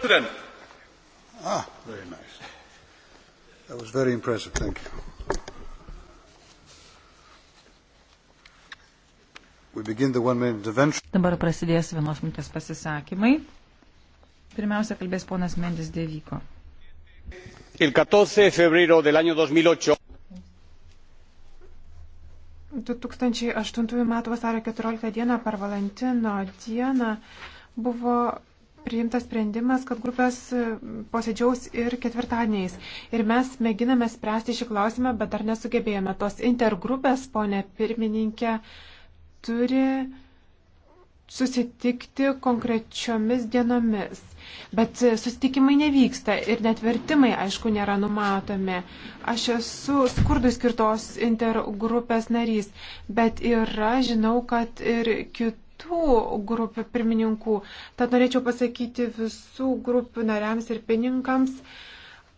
President. Ah, very nice. That was very impressive. Thank you. We begin the one minute intervention. Dabar prasidės vienos minutės pasisakymai. Pirmiausia, kalbės ponas Mendis Devyko. El 14 de febrero del año 2008. 2008 m. vasario 14 d. per Valentino dieną buvo priimtas sprendimas, kad grupės e, posėdžiaus ir ketvirtadieniais. Ir mes mėginame spręsti šį klausimą, bet dar nesugebėjome. Tos intergrupės, ponė pirmininkė, turi susitikti konkrečiomis dienomis. Bet e, susitikimai nevyksta ir net vertimai, aišku, nėra numatomi. Aš esu skurdui skirtos intergrupės narys, bet yra, žinau, kad ir kitų kitų grupių pirmininkų. Tad norėčiau pasakyti visų grupių nariams ir pininkams,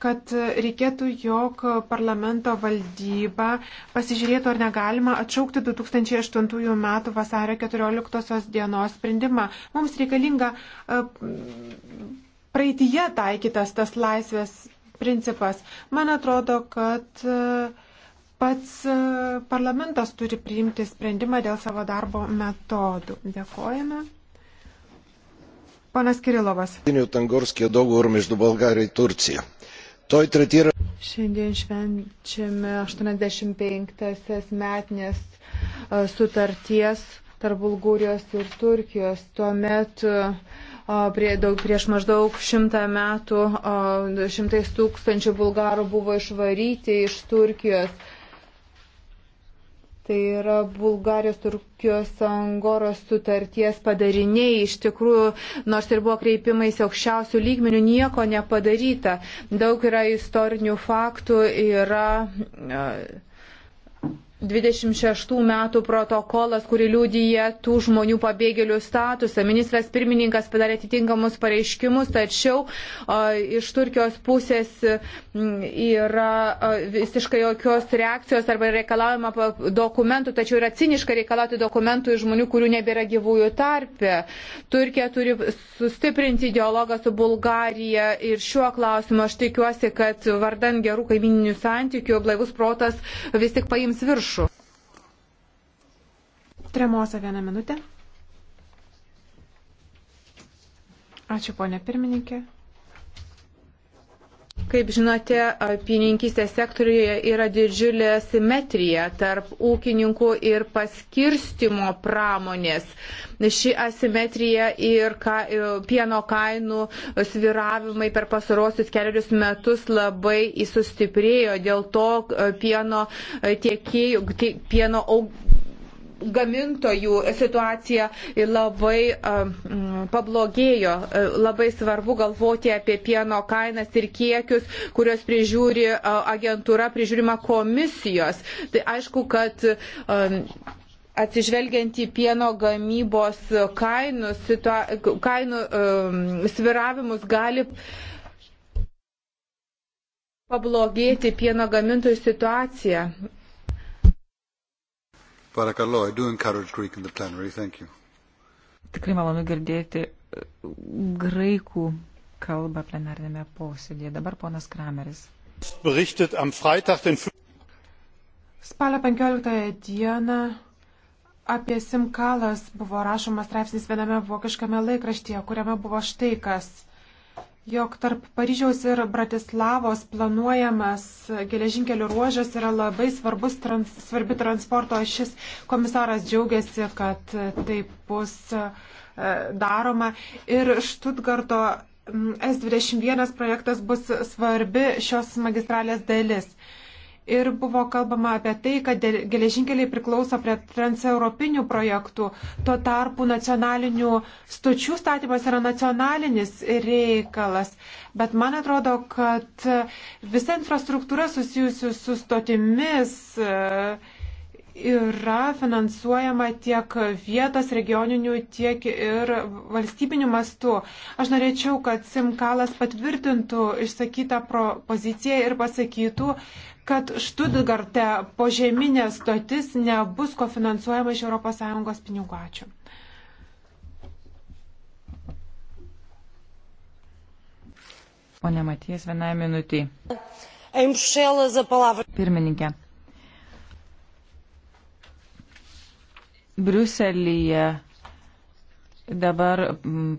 kad reikėtų, jog parlamento valdyba pasižiūrėtų, ar negalima atšaukti 2008 m. vasario 14 dienos sprendimą. Mums reikalinga e, praeitie taikytas tas laisvės principas. Man atrodo, kad e, pats e, parlamentas turi priimti sprendimą dėl savo darbo metodų. Dėkojame. Ponas Kirilovas. Šiandien švenčiame 85-asias metinės e, sutarties tarp Bulgarijos ir Turkijos. Tuomet e, prie, daug, prieš maždaug šimtą metų šimtais tūkstančių bulgarų buvo išvaryti iš Turkijos. Tai yra Bulgarijos Turkijos Angoros sutarties padariniai. Iš tikrųjų, nors ir buvo kreipimais aukščiausių lygmenių, nieko nepadaryta. Daug yra istorinių faktų, yra. Uh, 26 metų protokolas, kuri liūdija tų žmonių pabėgėlių statusą. Ministras pirmininkas padarė atitinkamus pareiškimus, tačiau o, iš Turkijos pusės yra o, visiškai jokios reakcijos arba reikalaujama dokumentų, tačiau yra ciniška reikalauti dokumentų iš žmonių, kurių nebėra gyvųjų tarpe. Turkija turi sustiprinti dialogą su Bulgarija ir šiuo klausimu aš tikiuosi, kad vardan gerų kaimininių santykių blaivus protas vis tik paims viršų lėšų. Tremosa vieną minutę. Ačiū, ponė pirmininkė. Kaip žinote, apininkystės sektoriuje yra didžiulė simetrija tarp ūkininkų ir paskirstimo pramonės. Ši asimetrija ir ka, pieno kainų sviravimai per pasarosius keliarius metus labai įsustiprėjo. Dėl to e, pieno e, tiekėjų, tie, pieno aug, gamintojų situacija labai pablogėjo. Labai svarbu galvoti apie pieno kainas ir kiekius, kurios prižiūri agentūra, prižiūrima komisijos. Tai aišku, kad atsižvelgiant į pieno gamybos kainų, situa, kainų um, sviravimus gali pablogėti pieno gamintojų situacija. Parakalo, I do encourage Greek in the plenary, thank you. Tikrai malonu girdėti uh, graikų kalbą plenarinėme posėdėje. Dabar ponas Krameris. Spalio 15 dieną apie Simkalas buvo rašomas straipsnis viename vokiškame laikraštyje, kuriame buvo štai kas – jog tarp Paryžiaus ir Bratislavos planuojamas geležinkelių ruožas yra labai svarbus, trans, svarbi transporto ašis. Komisaras džiaugiasi, kad taip bus e, daroma. Ir Štutgarto mm, S21 projektas bus svarbi šios magistralės dalis ir buvo kalbama apie tai, kad geležinkeliai priklauso prie transeuropinių projektų. Tuo tarpu nacionalinių stočių statymas yra nacionalinis reikalas. Bet man atrodo, kad visa infrastruktūra susijusi su stotimis. E, yra finansuojama tiek vietos regioninių, tiek ir valstybinių mastų. Aš norėčiau, kad Simkalas patvirtintų išsakytą poziciją ir pasakytų, kad Štutgarte požeminė stotis nebus kofinansuojama iš ES pinigų. Ačiū. Pone Matijas, vienai minutį. Pirmininkė. Briuselyje dabar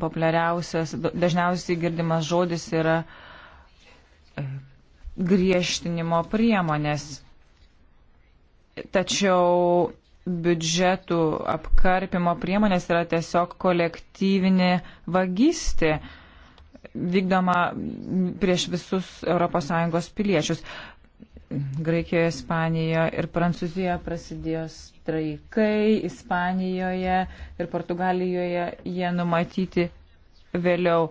populiariausias, dažniausiai girdimas žodis yra e, griežtinimo priemonės. Tačiau biudžetų apkarpimo priemonės yra tiesiog kolektyvinė vagystė vykdoma prieš visus ES piliečius. Graikijoje, Ispanijoje ir Prancūzijoje prasidėjo straikai, Ispanijoje ir Portugalijoje jie numatyti vėliau.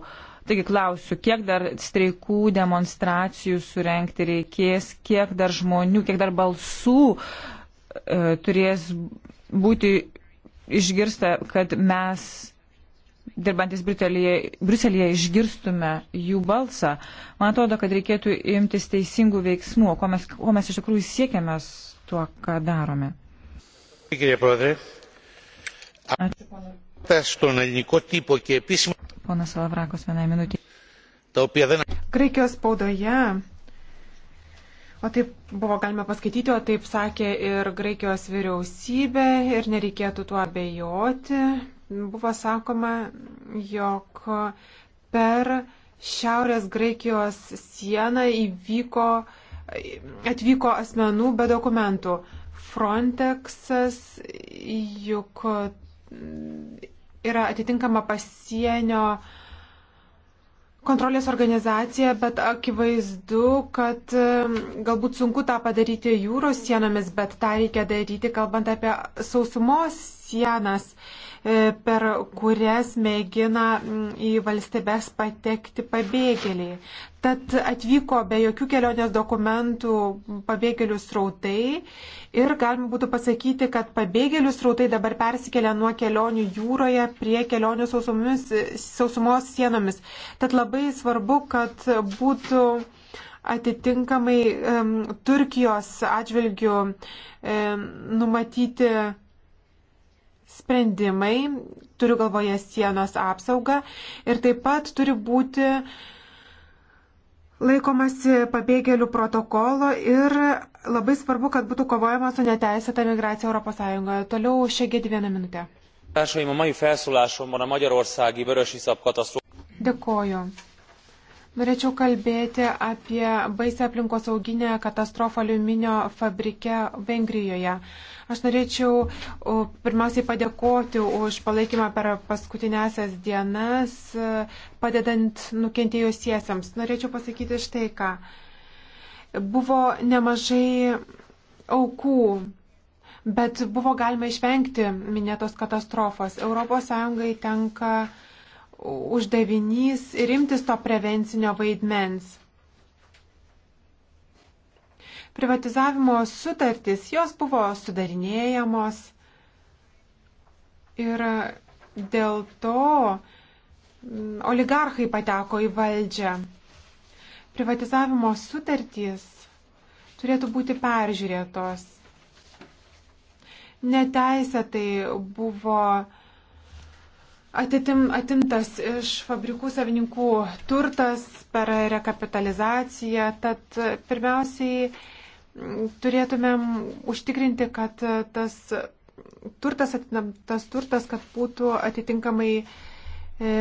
Taigi klausiu, kiek dar streikų, demonstracijų surenkti reikės, kiek dar žmonių, kiek dar balsų e, turės būti išgirsta, kad mes dirbantis Briuselėje, išgirstume jų balsą. Man atrodo, kad reikėtų imtis teisingų veiksmų, ko mes, ko mes iš tikrųjų siekiame tuo, ką darome. Ačiū, ponas Salavrakos, vienai minutį. Graikijos spaudoje, o taip buvo galima paskaityti, o taip sakė ir Graikijos vyriausybė ir nereikėtų tuo abejoti buvo sakoma, jog per Šiaurės Graikijos sieną įvyko, atvyko asmenų be dokumentų. Frontexas juk yra atitinkama pasienio kontrolės organizacija, bet akivaizdu, kad um, galbūt sunku tą padaryti jūros sienomis, bet tą reikia daryti, kalbant apie sausumos sienas. Uh, E, per kurias mėgina į valstybės patekti pabėgėliai. Tad atvyko be jokių kelionės dokumentų pabėgėlių srautai ir galima būtų pasakyti, kad pabėgėlių srautai dabar persikelia nuo kelionių jūroje prie kelionių sausumis, sausumos sienomis. Tad labai svarbu, kad būtų atitinkamai um, Turkijos atžvilgių um, numatyti sprendimai, turiu galvoje sienos apsaugą ir taip pat turi būti laikomasi pabėgėlių protokolo ir labai svarbu, kad būtų kovojama su neteisėta migracija ES. Toliau šegėdi vieną minutę. Dėkoju. Norėčiau kalbėti apie baisę aplinkosauginę katastrofą aliuminio fabrike Vengrijoje. Aš norėčiau pirmiausiai padėkoti už palaikymą per paskutinėsias dienas, e, padedant nukentėjusiesiems. Norėčiau pasakyti štai ką. Buvo nemažai aukų bet buvo galima išvengti minėtos katastrofos. ES tenka uždavinys ir imtis to prevencinio vaidmens. Privatizavimo sutartys, jos buvo sudarinėjamos ir dėl to mm, oligarchai pateko į valdžią. Privatizavimo sutartys turėtų būti peržiūrėtos. Neteisėtai buvo Atitim, atimtas iš fabrikų savininkų turtas per rekapitalizaciją, tad pirmiausiai turėtumėm užtikrinti, kad tas turtas, tas turtas kad būtų atitinkamai e,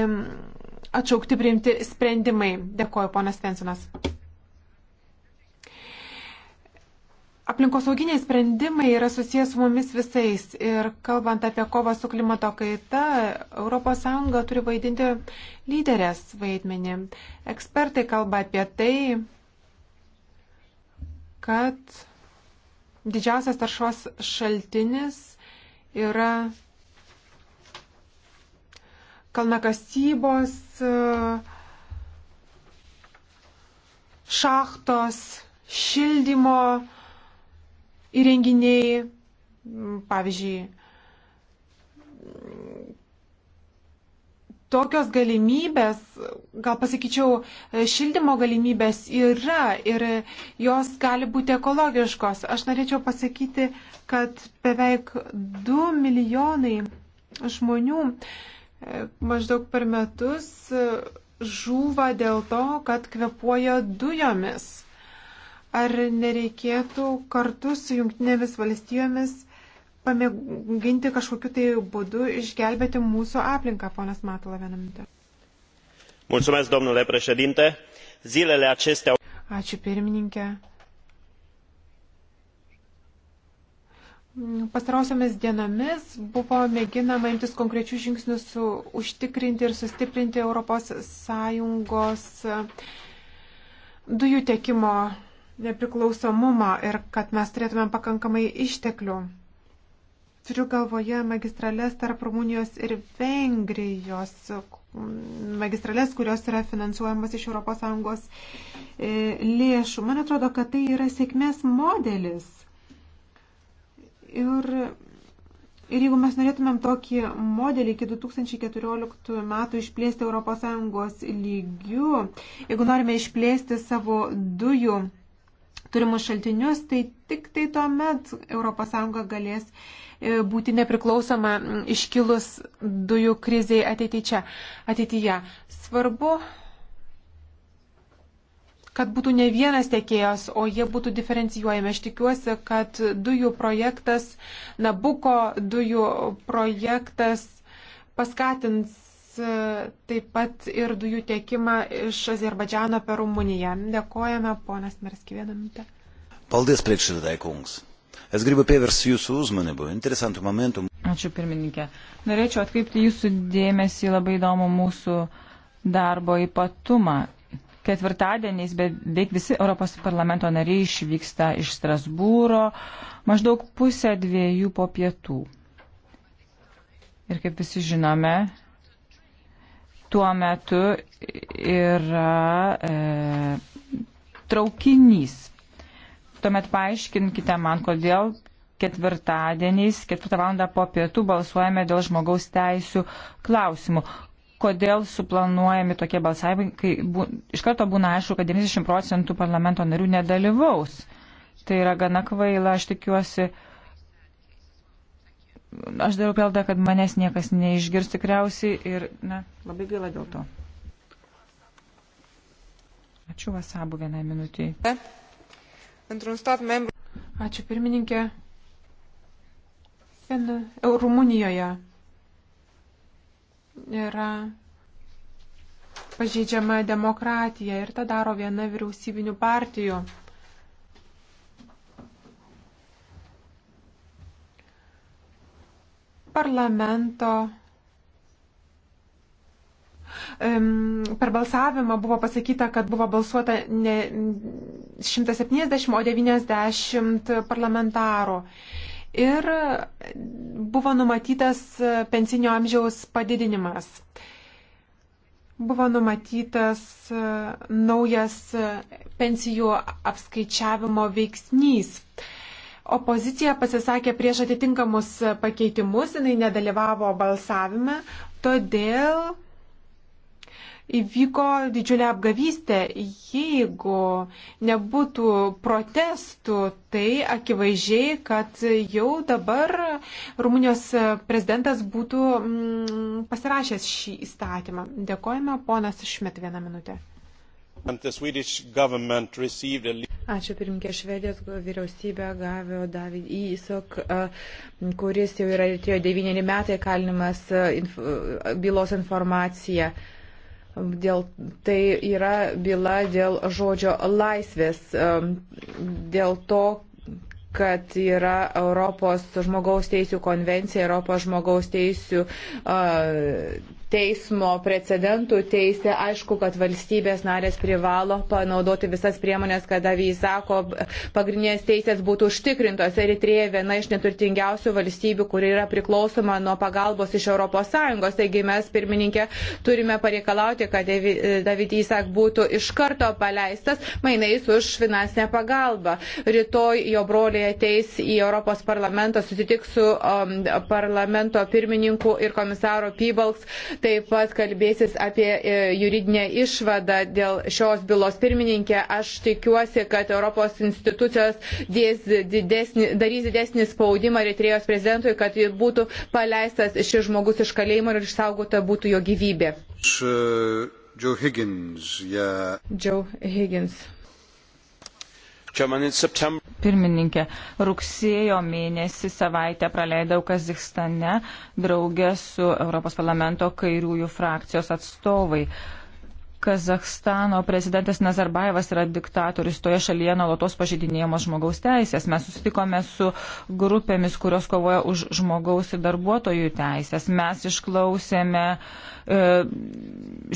atšaukti priimti sprendimai. Dėkuoju, ponas Tensinas. Aplinkosauginiai sprendimai yra susijęs su mumis visais ir kalbant apie kovą su klimato kaita, ES turi vaidinti lyderės vaidmenį. Ekspertai kalba apie tai, kad didžiausias taršos šaltinis yra kalnakasybos šachtos, šildymo, įrenginiai, pavyzdžiui, tokios galimybės, gal pasakyčiau, šildymo galimybės yra ir jos gali būti ekologiškos. Aš norėčiau pasakyti, kad beveik 2 milijonai žmonių e, maždaug per metus žūva dėl to, kad kvepuoja dujomis ar nereikėtų kartu su jungtinėmis valstijomis pamėginti kažkokiu tai būdu išgelbėti mūsų aplinką, ponas Matula, vieną minutę. Mulțumesc, domnule președinte. Zilele acestea... Ačiū pirmininkė. Pastarosiamis dienomis buvo mėginama imtis konkrečių žingsnių su užtikrinti ir sustiprinti ES dujų tiekimo nepriklausomumą ir kad mes turėtumėm pakankamai išteklių. Turiu galvoje magistrales tarp Rumunijos ir Vengrijos, magistrales, kurios yra finansuojamas iš ES e, lėšų. Man atrodo, kad tai yra sėkmės modelis. Ir, ir jeigu mes norėtumėm tokį modelį iki 2014 metų išplėsti ES lygių, jeigu norime išplėsti savo dujų turimus šaltinius, tai tik tai tuomet ES galės e, būti nepriklausoma iškilus dujų kriziai ateityje. ateityje. Svarbu, kad būtų ne vienas tiekėjas, o jie būtų diferencijuojami. Aš tikiuosi, kad dujų projektas, Nabuko dujų projektas paskatins taip pat ir dujų tiekimą iš Azerbaidžiano per Rumuniją. Dėkojame, ponas Merskivė, minutę. Paldies, priekšsėdėtai, kungs. Es gribu pievērst jūsų uzmanību interesantu momentu. Ačiū, pirmininkė. Norėčiau atkreipti jūsų dėmesį labai įdomų mūsų darbo ypatumą. Ketvirtadieniais beveik visi Europos parlamento nariai išvyksta iš Strasbūro maždaug pusę dviejų po pietų. Ir kaip visi žinome, tuo metu yra e, traukinys. Tuomet paaiškinkite man, kodėl ketvirtadieniais, ketvirtą valandą po pietų balsuojame dėl žmogaus teisų klausimų. Kodėl suplanuojami tokie balsavimai, kai bu, iš karto būna aišku, kad 90 procentų parlamento narių nedalyvaus. Tai yra gana kvaila, aš tikiuosi, aš darau peldą, kad manęs niekas neišgirs tikriausiai ir, na, labai gaila dėl to. Ačiū Vasabu vienai minutiai. Ačiū pirmininkė. E, Rumunijoje yra pažeidžiama demokratija ir tą daro viena vyriausybinių partijų. parlamento per balsavimą buvo pasakyta, kad buvo balsuota ne 170, o 90 parlamentarų. Ir buvo numatytas pensinio amžiaus padidinimas. Buvo numatytas e, naujas pensijų apskaičiavimo veiksnys. Uh, Opozicija pasisakė prieš atitinkamus pakeitimus, jinai nedalyvavo balsavime, todėl įvyko didžiulė apgavystė. Jeigu nebūtų protestų, tai akivaizdžiai, kad jau dabar Rumunijos prezidentas būtų mm, pasirašęs šį įstatymą. Dėkojame, ponas Šmet, vieną minutę. Ačiū pirmkė Švedijos vyriausybė gavė David Įsok, kuris jau yra atėjo devyneri metai kalinimas inf, bylos informacija. Dėl, tai yra byla dėl žodžio laisvės, dėl to, kad yra Europos žmogaus teisų konvencija, Europos žmogaus teisų uh, teismo precedentų teisė, aišku, kad valstybės narės privalo panaudoti visas priemonės, kad avysako pagrindinės teisės būtų užtikrintos. Eritrėje viena iš neturtingiausių valstybių, kuri yra priklausoma nuo pagalbos iš ES. Taigi mes, pirmininkė, turime pareikalauti, kad David Isak būtų iš karto paleistas mainais už finansinę pagalbą. Rytoj jo broliai ateis į Europos parlamentą, susitiks su um, parlamento pirmininku ir komisaro Pybalks taip pat kalbėsis apie e, juridinę išvadą dėl šios bylos pirmininkė. Aš tikiuosi, kad Europos institucijos dės didesnį, darys didesnį spaudimą Eritrėjos prezidentui, kad būtų paleistas šis žmogus iš kalėjimo ir išsaugota būtų jo gyvybė. E, Joe Higgins. Yeah. Joe Higgins. Chairman, in September pirmininkė. Rugsėjo mėnesį savaitę praleidau Kazikstane draugę su Europos parlamento kairiųjų frakcijos atstovai. Kazakstano prezidentas Nazarbaevas yra diktatorius, toje šalyje nuolatos pažydinėjamos žmogaus teisės. Mes susitikome su grupėmis, kurios kovoja už žmogaus ir darbuotojų teisės. Mes išklausėme e,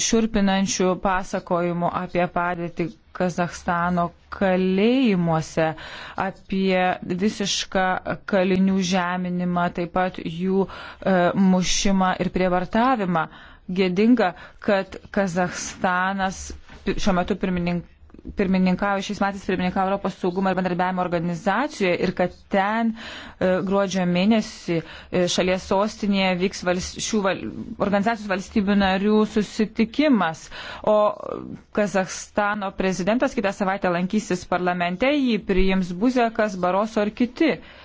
šiurpinančių pasakojimų apie padėtį Kazahstano kalėjimuose, apie visišką kalinių žeminimą, taip pat jų e, mušimą ir prievartavimą. Gėdinga, kad Kazahstanas šiuo metu pirmininkas pirmininkauja šiais metais pirmininkauja Europos saugumo ir bendradarbiavimo organizacijoje ir kad ten e, gruodžio mėnesį e, šalies sostinėje vyks vals, šių val, organizacijos valstybių narių susitikimas. O Kazakstano prezidentas kitą savaitę lankysis parlamente, jį priims Buzekas, Baroso ir kiti. Uh,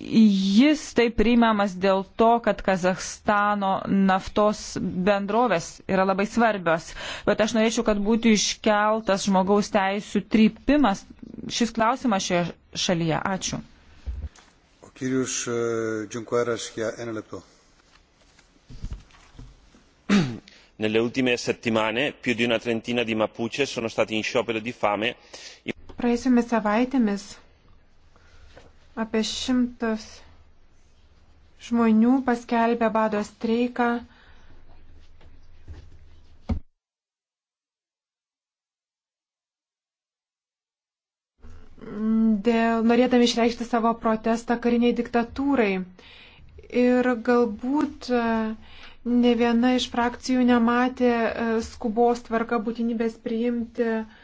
jis taip priimamas dėl to, kad Kazahstano naftos bendrovės yra labai svarbios. Bet aš norėčiau, kad būtų iškeltas žmogaus teisų trypimas šis klausimas šioje šalyje. Ačiū. O kirius e, Džinkueras, ja, NLP. Nelle ultime settimane più di una trentina di Mapuche sono stati in sciopero di fame. Praėjusiamis savaitėmis Apie šimtas žmonių paskelbė bado streiką. Dėl norėdami išreikšti savo protestą kariniai diktatūrai. Ir galbūt e, ne viena iš frakcijų nematė e, skubos tvarka būtinybės priimti uh,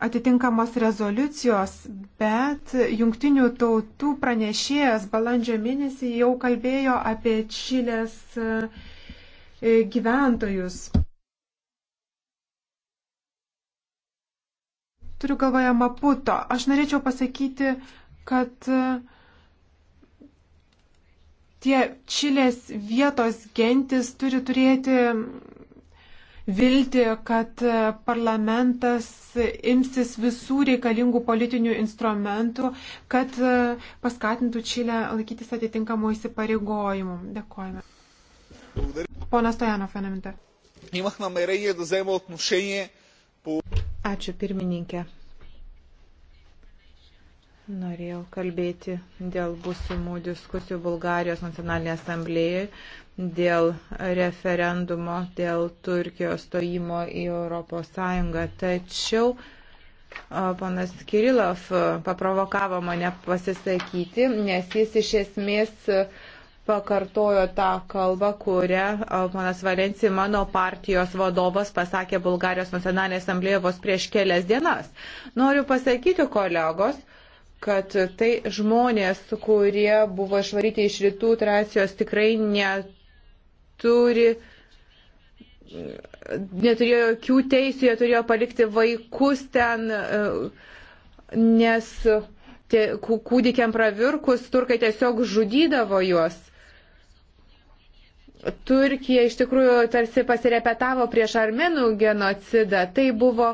atitinkamos rezoliucijos, bet jungtinių tautų pranešėjas balandžio mėnesį jau kalbėjo apie Čilės e, gyventojus. Turiu galvoje Maputo. Aš norėčiau pasakyti, kad e, tie Čilės vietos gentis turi turėti viltį, kad parlamentas imsis visų reikalingų politinių instrumentų, kad paskatintų Čilę laikytis atitinkamų įsipareigojimų. Dėkojame. Pona Stojanov, vieną minutę. Ačiū pirmininkė. Norėjau kalbėti dėl būsimų diskusijų Bulgarijos nacionalinėje asamblėje dėl referendumo, dėl Turkijos stojimo į Europos Sąjungą. Tačiau Panas Kirilov paprovokavo mane pasisakyti, nes jis iš esmės pakartojo tą kalbą, kurią panas Valenci, mano partijos vadovas, pasakė Bulgarijos nacionalinėje asamblėje vos prieš kelias dienas. Noriu pasakyti, kolegos, kad tai žmonės, kurie buvo išvaryti iš rytų Tracijos, tikrai net turi neturėjo jokių teisų, jie turėjo palikti vaikus ten, nes kūdikiam pravirkus turkai tiesiog žudydavo juos. Turkija iš tikrųjų tarsi pasirepetavo prieš armenų genocidą. Tai buvo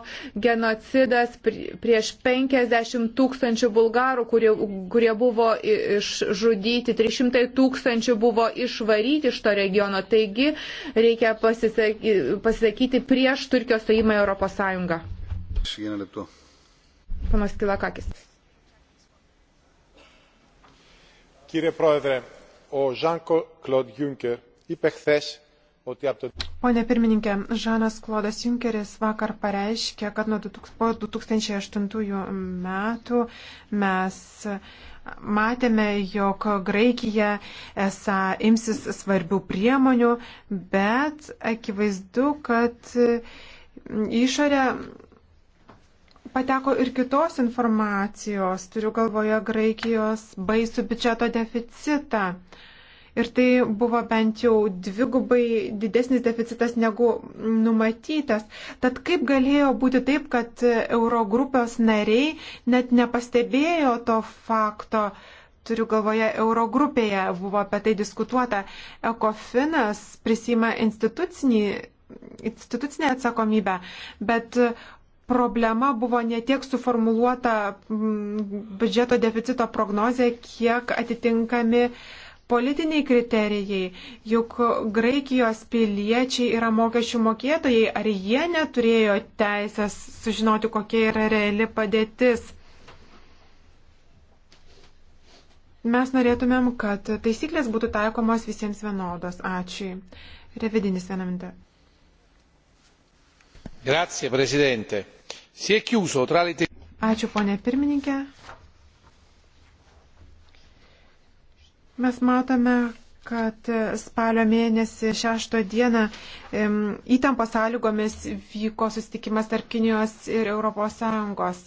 genocidas prieš 50 tūkstančių bulgarų, kurie, kurie buvo išžudyti, 300 tūkstančių buvo išvaryti iš to regiono. Taigi reikia pasisakyti, pasisakyti prieš Turkijos stojimą į Europos Sąjungą. Panas Kilakakis. Kyrie Proedre, o Jean-Claude Juncker Pone pirmininkė, Žanas Klodas Junkeris vakar pareiškė, kad nuo 2008 metų mes matėme, jog Graikija esą imsis svarbių priemonių, bet akivaizdu, kad išorė pateko ir kitos informacijos, turiu galvoje Graikijos baisų biudžeto deficitą. Ir tai buvo bent jau dvigubai didesnis deficitas negu numatytas. Tad kaip galėjo būti taip, kad Eurogrupės nariai net nepastebėjo to fakto, turiu galvoje, Eurogrupėje buvo apie tai diskutuota, Ekofinas prisima institucinę atsakomybę, bet problema buvo ne tiek suformuluota biudžeto deficito prognozė, kiek atitinkami uh, politiniai kriterijai, juk Graikijos piliečiai yra mokesčių mokėtojai, ar jie neturėjo teisės sužinoti, kokia yra reali padėtis. Mes norėtumėm, kad taisyklės būtų taikomos visiems vienodos. Ačiū. Revidinis vieną minutę. Grazie, prezidente. Siekiuso, tra le... Ačiū, ponė pirmininkė. Mes matome, kad spalio mėnesį šešto dieną įtampo sąlygomis vyko sustikimas tarp Kinijos ir ES.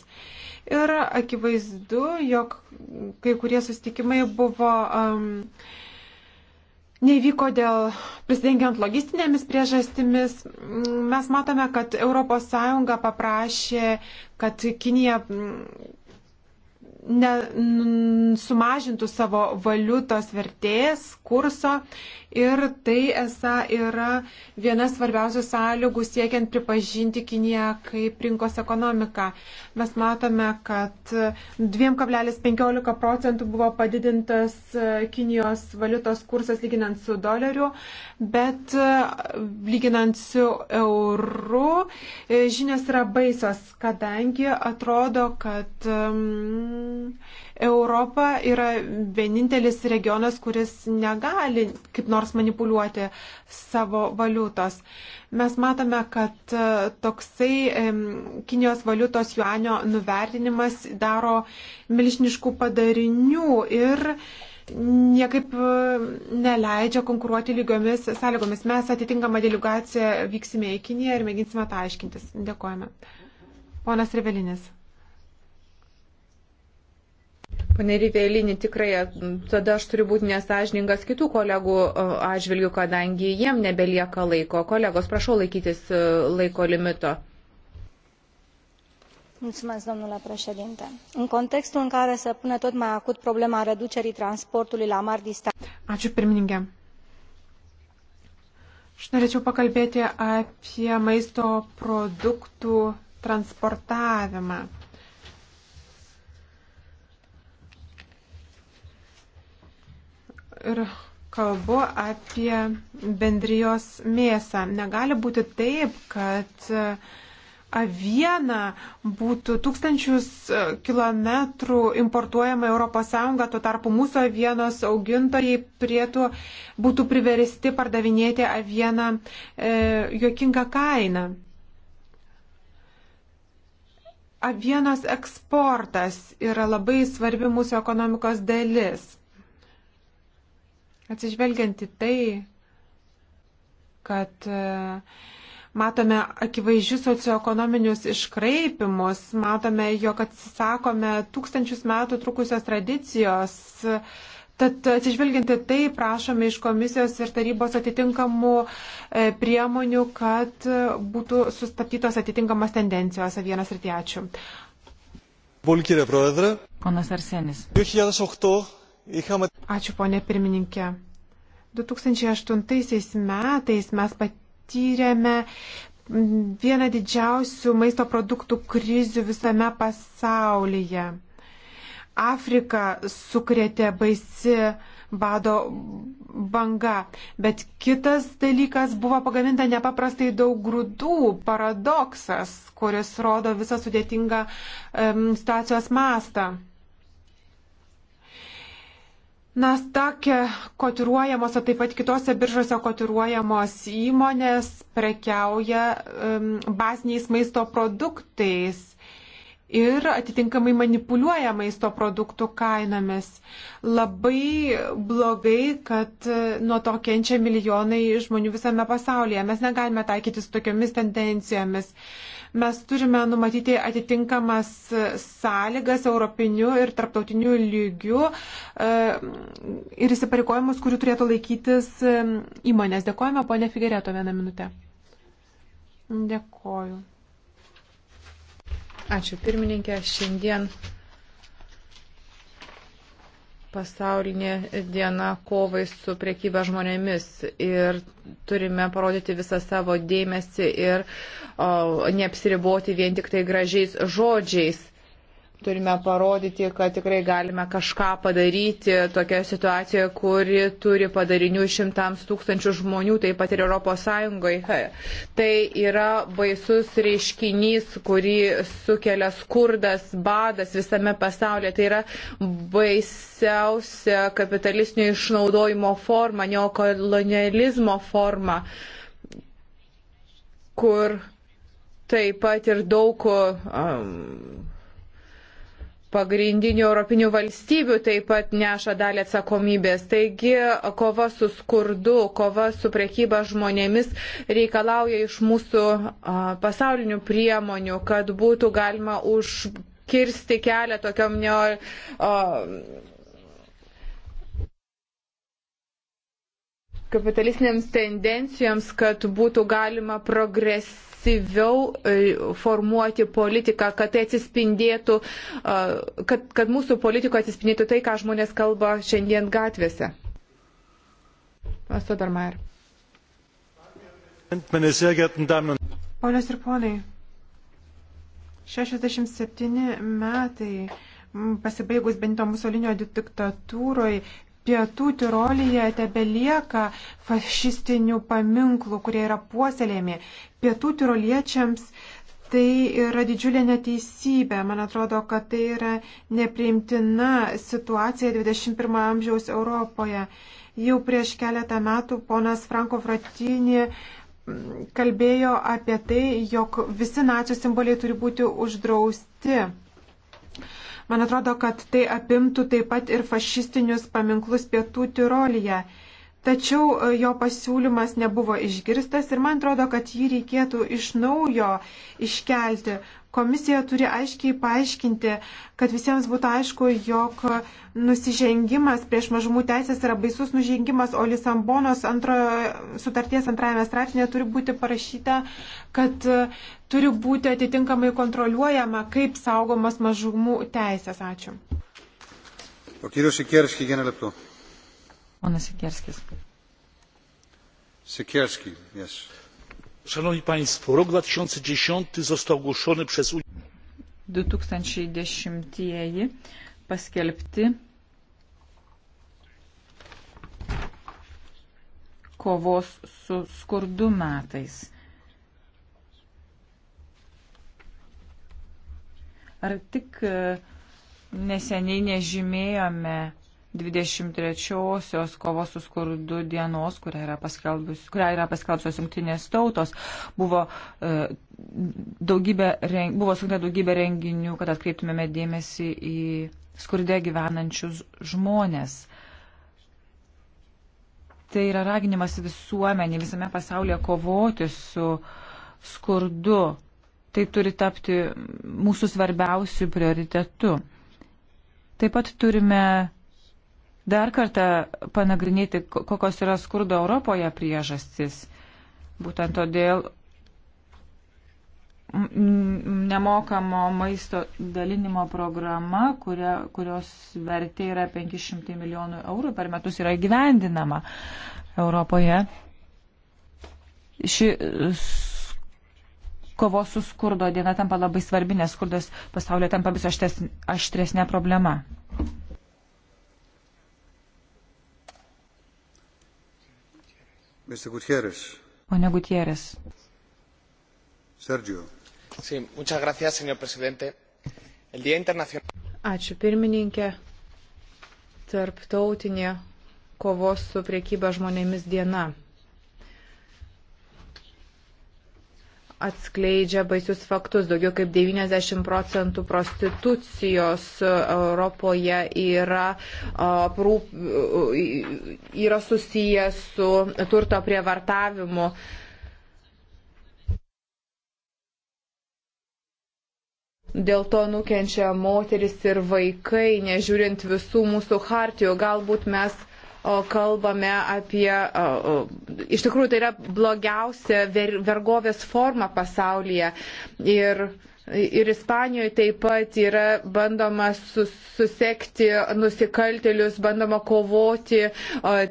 Ir akivaizdu, jog kai kurie sustikimai buvo. Um, Nevyko dėl prisidengiant logistinėmis priežastimis. Mes matome, kad ES paprašė, kad Kinija ne, sumažintų savo valiutos vertės, kurso ir tai esą yra viena svarbiausių sąlygų siekiant pripažinti Kiniją kaip rinkos ekonomiką. Mes matome, kad 2,15 procentų buvo padidintas e, Kinijos valiutos kursas lyginant su doleriu, bet e, lyginant su euru e, žinios yra baisios, kadangi atrodo, kad um, Europa yra vienintelis regionas, kuris negali kaip nors nors manipuliuoti savo valiutos. Mes matome, kad e, toksai Kinijos valiutos juanio nuvertinimas daro milžiniškų padarinių ir niekaip e, neleidžia konkuruoti lygiomis sąlygomis. Mes atitinkamą delegaciją vyksime į Kiniją ir mėginsime tą aiškintis. Dėkojame. Ponas Revelinis. Pane Rivelinį, tikrai tada aš turiu būti nesažiningas kitų kolegų e, atžvilgių, kadangi jiem nebelieka laiko. Kolegos, prašau laikytis e, laiko limito. Mulțumesc, domnule președinte. În contextul în care se pune tot mai acut problema reducerii transportului la mari distanțe. Ačiū pirmininkė. Aš norėčiau pakalbėti apie maisto produktų transportavimą. ir kalbu apie bendrijos mėsą. Negali būti taip, kad e, aviena būtų tūkstančius e, kilometrų importuojama ES, tuo tarpu mūsų avienos augintojai prietų būtų priversti pardavinėti avieną e, juokingą kainą. Avienos eksportas yra labai svarbi mūsų ekonomikos dalis. Atsižvelgiant į tai, kad e, matome akivaizdžius socioekonominius iškraipimus, matome, jog atsisakome tūkstančius metų trukusios tradicijos. Tad atsižvelginti tai prašome iš komisijos ir tarybos atitinkamų e, priemonių, kad būtų sustabdytos atitinkamas tendencijos vienas ir tie ačiū. Ponas Arsenis. 2008 Ačiū, ponė pirmininkė. 2008 metais mes patyrėme vieną didžiausių maisto produktų krizių visame pasaulyje. Afrika sukrėtė baisi bado banga, bet kitas dalykas buvo pagaminta nepaprastai daug grūdų, paradoksas, kuris rodo visą sudėtingą um, situacijos mastą. Nasdaq kotiruojamos, o taip pat kitose biržose kotiruojamos įmonės prekiauja um, baziniais maisto produktais ir atitinkamai manipuliuoja maisto produktų kainomis. Labai blogai, kad e, nuo to kenčia milijonai žmonių visame pasaulyje. Mes negalime taikyti su tokiamis tendencijomis. Uh, mes turime numatyti atitinkamas sąlygas europiniu ir tarptautiniu lygiu e, ir įsipareikojimus, kurių turėtų laikytis e, įmonės. Dėkojame, ponė Figerėto, vieną minutę. Dėkoju. Ačiū pirmininkė. Šiandien pasaulinė diena kovai su priekyba žmonėmis ir turime parodyti visą savo dėmesį ir o, neapsiriboti vien tik tai gražiais žodžiais. Turime parodyti, kad tikrai galime kažką padaryti tokioje situacijoje, kuri turi padarinių šimtams tūkstančių žmonių, taip pat ir ES. Tai yra baisus reiškinys, kurį sukelia skurdas, badas visame pasaulyje. Tai yra baisiausia kapitalistinio išnaudojimo forma, neokolonializmo forma kur taip pat ir daug um, pagrindinių europinių valstybių taip pat neša dalį atsakomybės. Taigi kova su skurdu, kova su prekyba žmonėmis reikalauja iš mūsų pasaulinių priemonių, kad būtų galima užkirsti kelią tokiam neo. kapitalistinėms tendencijoms, kad būtų galima progres aktyviau e, formuoti politiką, kad tai atsispindėtų, e, kad, kad mūsų politikoje atsispindėtų tai, ką žmonės kalba šiandien gatvėse. Sodermajer. Ponios ir ponai, 67 metai pasibaigus Benito Musolinio diktatūroje pietų Tirolyje tebelieka fašistinių paminklų, kurie yra puoselėmi. Pietų Tiroliečiams tai yra didžiulė neteisybė. Man atrodo, kad tai yra nepriimtina situacija 21 amžiaus Europoje. Jau prieš keletą metų ponas Franko Fratinį mm, kalbėjo apie tai, jog visi nacijų simboliai turi būti uždrausti. Man atrodo, kad tai apimtų taip pat ir fašistinius paminklus pietų Tirolyje. Tačiau e, jo pasiūlymas nebuvo išgirstas ir man atrodo, kad jį reikėtų iš naujo iškelti. Komisija turi aiškiai paaiškinti, kad visiems būtų aišku, jog nusižengimas prieš mažumų teisės yra baisus nužengimas, o Lisambonos antro, sutarties antrajame straipsnėje turi būti parašyta, kad turi būti atitinkamai kontroliuojama, kaip saugomas mažumų teisės. Ačiū. O kirius Sikerski, vieną leptų. Ponas Sikerskis. Sikerski, yes rok dwa tysiące dziesięć został ogłoszony przez unię du tūkstančiai dešimtieji paskelbti kovos su skurdu metais. Ar tik e, neseniai nežymėjome 23-osios kovos su skurdu dienos, kurią yra, kurią yra paskelbusios jungtinės tautos, buvo, e, daugybė, buvo surinkta daugybė renginių, kad atkreiptumėme dėmesį į skurdė gyvenančius žmonės. Tai yra raginimas visuomenė visame pasaulyje kovoti su skurdu. Tai turi tapti mūsų svarbiausių prioritetų. Taip pat turime dar kartą panagrinėti, kokios yra skurdo Europoje priežastis. Būtent todėl nemokamo maisto dalinimo programa, kuria, kurios vertė yra 500 milijonų eurų per metus, yra gyvendinama Europoje. Ši kovos su skurdo diena tampa labai svarbi, nes skurdas pasaulyje tampa vis aštesnė problema. Pone Gutierrez. Sergio. Sí, muchas gracias, señor presidente. El Día Internacional. Ačiū pirmininkė. Tarptautinė kovos su priekyba žmonėmis diena atskleidžia baisius faktus. Daugiau kaip 90 procentų prostitucijos e, Europoje yra, e, aprūp, e, yra susijęs su turto prievartavimu. Dėl to nukenčia moteris ir vaikai, nežiūrint visų mūsų hartijų. Galbūt mes kalbame apie, iš tikrųjų tai yra blogiausia vergovės forma pasaulyje. Ir Ir Ispanijoje taip pat yra bandoma sus, susekti nusikaltelius, bandoma kovoti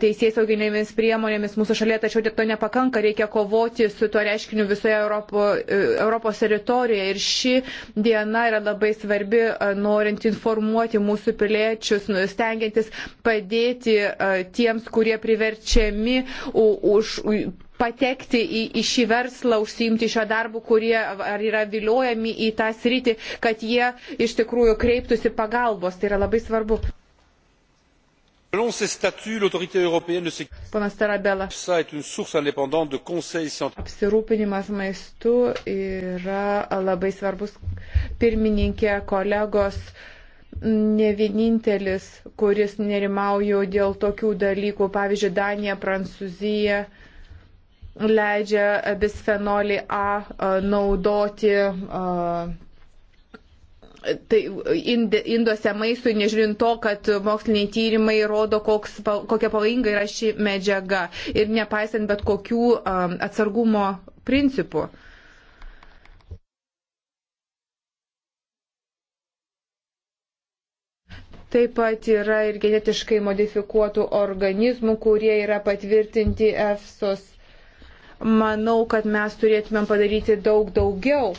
teisės sauginėmis priemonėmis mūsų šalyje, tačiau to nepakanka, reikia kovoti su tuo reiškiniu visoje Europo, Europos teritorijoje. Ir ši diena yra labai svarbi, norint informuoti mūsų piliečius, nu, stengiantis padėti tiems, kurie priverčiami už patekti į, į šį verslą, užsiimti šio darbu, kurie ar yra viliojami į tą sritį, kad jie iš tikrųjų kreiptųsi pagalbos. Tai yra labai svarbu. Ponas Tarabela. Apsirūpinimas maistu yra labai svarbus. Pirmininkė, kolegos ne vienintelis, kuris nerimauju dėl tokių dalykų. Pavyzdžiui, Danija, Prancūzija, leidžia bisfenolį A e, naudoti e, tai induose maistui, nežiūrint to, kad moksliniai tyrimai rodo, koks, kokia pavojinga yra ši medžiaga ir nepaisant bet kokių e, atsargumo principų. Taip pat yra ir genetiškai modifikuotų organizmų, kurie yra patvirtinti EFSOS manau, kad mes turėtumėm padaryti daug daugiau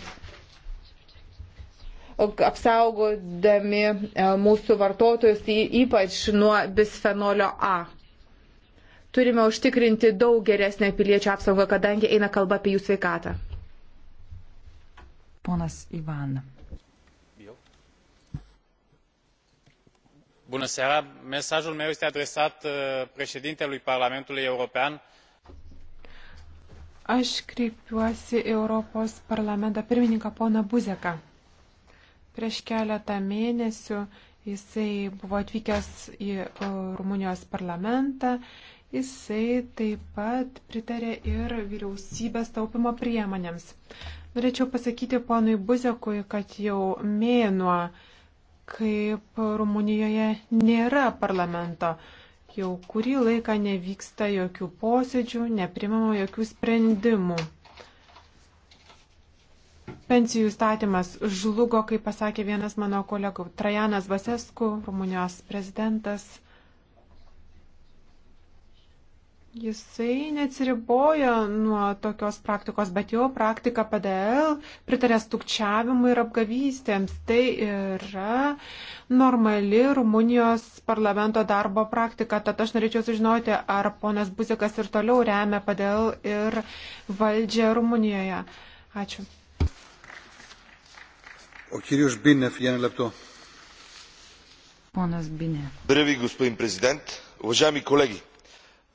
apsaugodami e, mūsų vartotojus tai ypač nuo bisfenolio A. Turime užtikrinti daug geresnę piliečių apsaugą, kadangi eina kalba apie jų sveikatą. Ponas Ivan. Bună seara! Mesajul meu este adresat e, președintelui Parlamentului European, Aš kreipiuosi Europos parlamento pirmininką poną Buzeką. Prieš keletą mėnesių jisai buvo atvykęs į Rumunijos parlamentą. Jisai taip pat pritarė ir vyriausybės taupimo priemonėms. Norėčiau pasakyti ponui Buzekui, kad jau mėnuo, kaip Rumunijoje nėra parlamento. Jau kurį laiką nevyksta jokių posėdžių, neprimama jokių sprendimų. Pensijų statymas žlugo, kaip pasakė vienas mano kolegų, Trajanas Vasesku, Rumunijos prezidentas. Jisai neatsiriboja nuo tokios praktikos, bet jo praktika PDL pritarė stukčiavimui ir apgavystėms. Tai yra normali Rumunijos parlamento darbo praktika. Tad aš norėčiau sužinoti, ar ponas Buzikas ir toliau remia PDL ir valdžią Rumunijoje. Ačiū. O kirius Binev, vieną lepto. Ponas Binev. Drevi, господин президент, уважаеми колеги.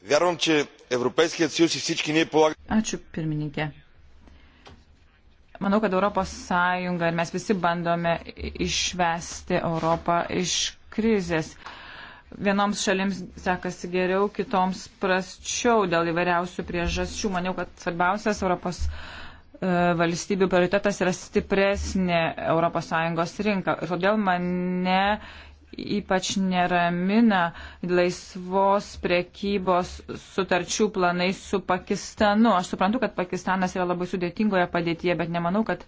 Вярвам, че Европейският съюз и всички ние полагаме. Ačiū, pirmininkė. Manau, kad Europos Sąjunga ir mes visi bandome išvesti Europą iš krizės. Vienoms šalims sekasi geriau, kitoms prasčiau dėl įvairiausių priežasčių. Maniau, kad svarbiausias Europos e, valstybių prioritetas yra stipresnė ES rinka. Ir todėl mane ypač neramina laisvos prekybos sutarčių planai su Pakistanu. Aš suprantu, kad Pakistanas yra labai sudėtingoje padėtyje, bet nemanau, kad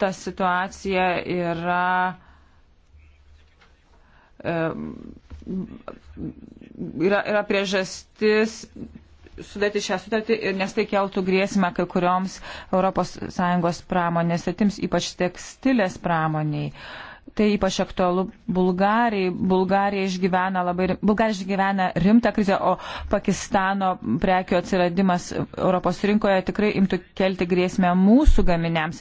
ta situacija yra. Yra, yra priežastis sudėti šią sutartį ir nes tai keltų grėsmę kai kurioms ES pramonės sritims, ypač tekstilės pramoniai. Uh, Tai ypač aktualu Bulgarijai. Bulgarija išgyvena, labai, Bulgarija išgyvena rimtą krizę, o Pakistano prekių atsiradimas Europos rinkoje tikrai imtų kelti grėsmę mūsų gaminiams.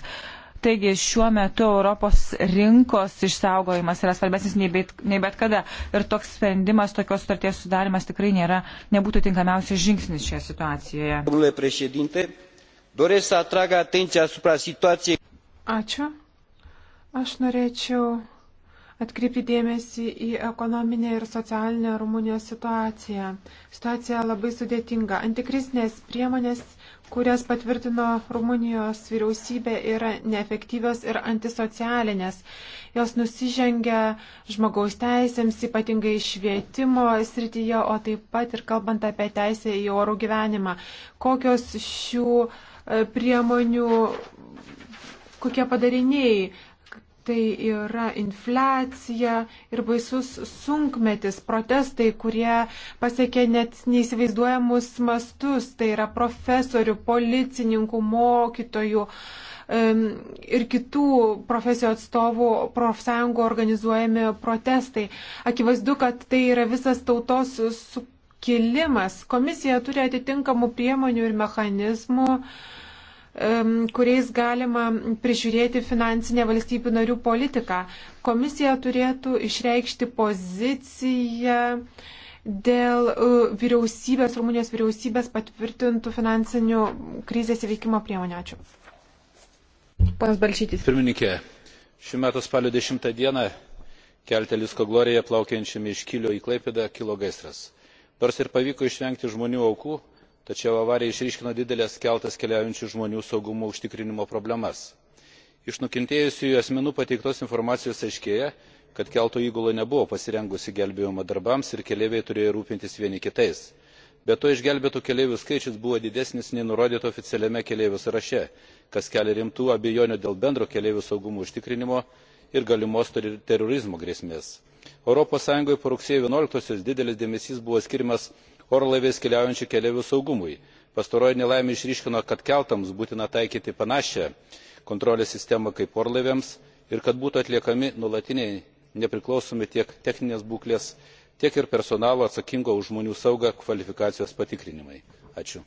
Taigi šiuo metu Europos rinkos išsaugojimas yra svarbesnis nei bet, nei bet kada. Ir toks sprendimas, tokios sutarties sudarimas tikrai nėra, nebūtų tinkamiausias žingsnis šioje situacijoje. Ačiū. Aš norėčiau atkreipti dėmesį į ekonominę ir socialinę Rumunijos situaciją. Situacija labai sudėtinga. Antikrizinės priemonės, kurias patvirtino Rumunijos vyriausybė, yra neefektyvios ir antisocialinės. Jos nusižengia žmogaus teisėms, ypatingai švietimo srityje, o taip pat ir kalbant apie teisę į orų gyvenimą. Kokios šių e, priemonių kokie padariniai tai yra infliacija ir baisus sunkmetis, protestai, kurie pasiekė net neįsivaizduojamus mastus, tai yra profesorių, policininkų, mokytojų ir kitų profesijų atstovų profsąjungų organizuojami protestai. Akivaizdu, kad tai yra visas tautos sukilimas. Komisija turi atitinkamų priemonių ir mechanizmų. Uh, kuriais galima prižiūrėti finansinę valstybių narių politiką. Komisija turėtų išreikšti poziciją dėl e, vyriausybės, Rumunijos vyriausybės patvirtintų finansinių krizės įveikimo priemonių. Ačiū. Panas Balšytis. Pirmininkė, šių metų spalio 10 dieną keltelisko glorija plaukiančiame iš kylio į klaipėdą kilo gaisras. nors ir pavyko išvengti žmonių aukų tačiau avarija išryškino dideles keltais keliaujančių žmonių saugumo užtikrinimo problemas. iš nukentėjusiųjų asmenų pateiktos informacijos aiškėja kad kelto įgula nebuvo pasirengusi gelbėjimo darbams ir keleiviai turėjo rūpintis vieni kitais. be to išgelbėtų keleivių skaičius buvo didesnis nei nurodyta oficialiame keleivių sąraše kas kelia rimtų abejonių dėl bendro keleivių saugumo užtikrinimo ir galimos terorizmo grėsmės. europos sąjungoje po rugsėjo vienuolika osios didelis dėmesys buvo skiriamas orlaiviais keliaujančių keleivių saugumui. pastaroji nelaimė išryškino kad keltams būtina taikyti panašią kontrolės sistemą kaip orlaiviams ir kad būtų atliekami nuolatiniai nepriklausomi tiek techninės būklės tiek ir personalo atsakingo už žmonių saugą kvalifikacijos patikrinimai. ačiū.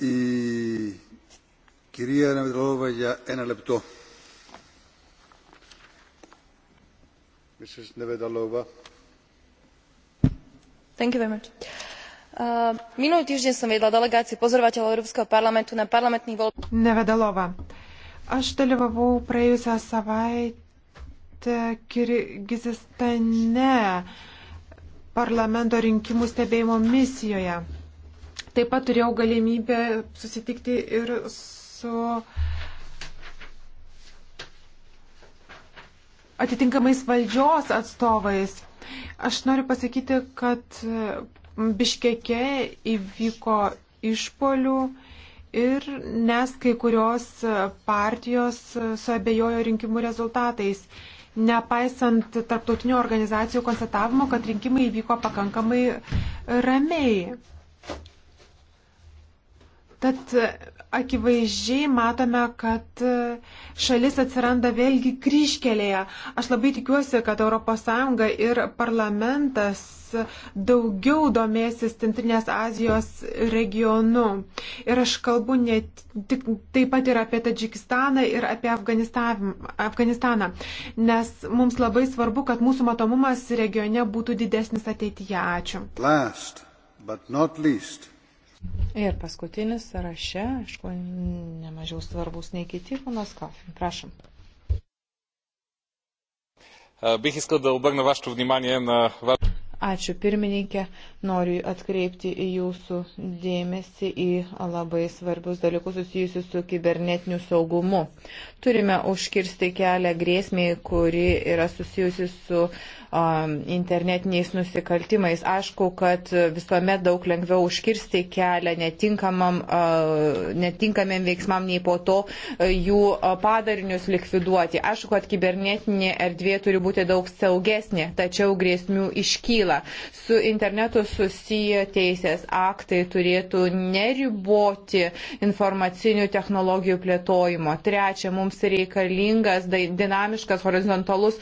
Η κυρία Ναβιτρόλοβα για ένα λεπτό. Mrs. Nevedalova. Uh, minulý týždeň som viedla delegáciu pozorovateľov európskeho parlamentu na parlamentných voľbách. nevedalová aš dalyvavau praėjusią savaitę kirgizistane parlamento rinkimų stebėjimo misijoje. Taip pat turėjau galimybę susitikti ir su atitinkamais valdžios atstovais Aš noriu pasakyti, kad mm, Biškeke įvyko išpolių ir nes kai kurios partijos suabejojo rinkimų rezultatais. Nepaisant tarptautinių organizacijų konstatavimo, kad rinkimai įvyko pakankamai ramiai. Tad akivaizdžiai matome, kad šalis atsiranda vėlgi kryškelėje. Aš labai tikiuosi, kad ES ir parlamentas daugiau domėsis Centrinės Azijos regionu. Ir aš kalbu ne tik taip pat ir apie Tadžikistaną ir apie Afganistaną, nes mums labai svarbu, kad mūsų matomumas regione būtų didesnis ateityje. Ačiū. Last, but not least. Ir paskutinis sąraše, aišku, nemažiau svarbus nei kiti, panas Kofin. Prašom. Бих искал да обърна вашето внимание на... Ačiū pirmininkė, noriu atkreipti į jūsų dėmesį į labai svarbius dalykus susijusius su kibernetiniu saugumu. Turime užkirsti kelią grėsmiai, kuri yra susijusi su uh, Um, internetiniais nusikaltimais. Aišku, kad visuomet daug lengviau užkirsti kelią uh, netinkamiem veiksmam nei po to uh, jų uh, padarinius likviduoti. Aišku, kad kibernetinė erdvė turi būti daug saugesnė, tačiau grėsmių iškyla. Su internetu susiję teisės aktai turėtų neriboti informacinių technologijų plėtojimo. Trečia, mums reikalingas dinamiškas, horizontalus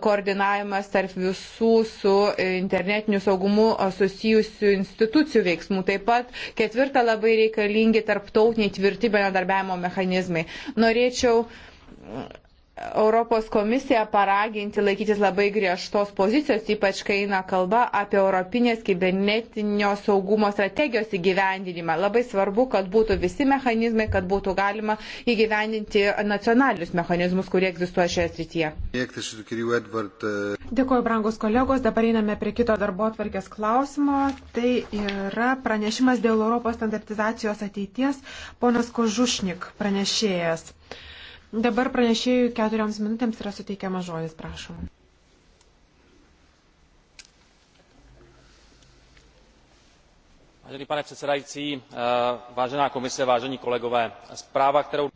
koordinavimas tarp tarp visų su internetiniu saugumu susijusių institucijų veiksmų. Taip pat ketvirta labai reikalingi tarptautiniai tvirti bendradarbiavimo mechanizmai. Norėčiau Europos komisija paraginti laikytis labai griežtos pozicijos, ypač kai eina kalba apie Europinės kibernetinio saugumo strategijos įgyvendinimą. Labai svarbu, kad būtų visi mechanizmai, kad būtų galima įgyvendinti nacionalinius mechanizmus, kurie egzistuoja šioje srityje. Dėkuoju, brangus kolegos. Dabar einame prie kito darbo atvarkės klausimo. Tai yra pranešimas dėl Europos standartizacijos ateities. Ponas Kožušnik, pranešėjas. Dabar pranešėjų keturioms minutėms yra suteikiama žodis, prašom. Vážený pane předsedající, eh, vážená komise, vážení kolegové, zpráva, kterou...